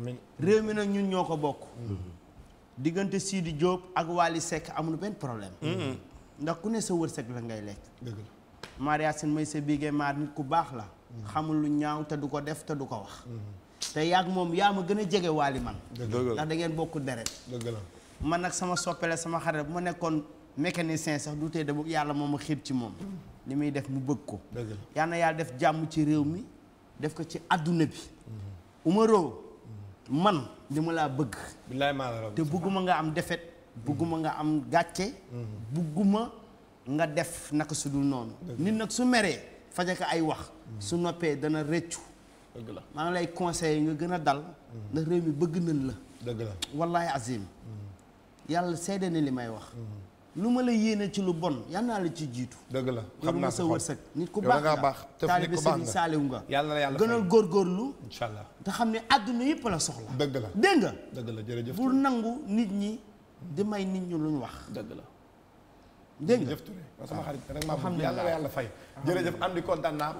amiin réew mi nag ñun ñoo ko bokk. diggante Sidi Diop ak Wally sekk amul benn problème. Mm-hmm. ndax ku ne sa wërsëg la ngay lekk. dëgg la Maria Sine may sa biige maar nit ku baax la. Mm-hmm. xamul lu ñaaw te du ko def te du ko wax. Mm-hmm. te yaag moom yaa ma gën a jege waali man. dëgg la ndax da ngeen bokk deret. dëgg la man nag sama soppele sama xarit bu ma nekkoon mécanicien sax du tee dama yàlla moom a xiir ci moom. li muy def mu bëgg ko. dëgg la yàlla def jàmm ci réew mi def ko ci adduna bi. Umaro. man li ma laa bëgg. billaay maa la te bëgguma nga am defet bëgguma nga am gàcce. Mhm. bëgguma nga def naka su dul noonu. nit nag su meree faje fajaka ay wax. Mhm. su noppee dana rëccu. dëgg la maa ngi lay conseillé nga gën a dal. Mhm. ndax réew mi bëgg nañ la. dëgg wallaahi azim. yàlla seede na li may wax. lu ma la yéene ci lu bon yal naa la ci jiitu. dëgg la xam naa sa wërsëg nit ku baax nga taalibe Sëriñ Saaliw nga yàlla na yàlla gënal góorgóorlu. incha allah te xam ne àdduna yëpp la soxla. dëgg la dégg dëgg la jërëjëf pour nangu nit ñi di may nit ñi lu wax. dëgg la. dégg nga jëf Touré sama xarit rek maa yàlla na yàlla fay. jërëjëf am di kontaan naa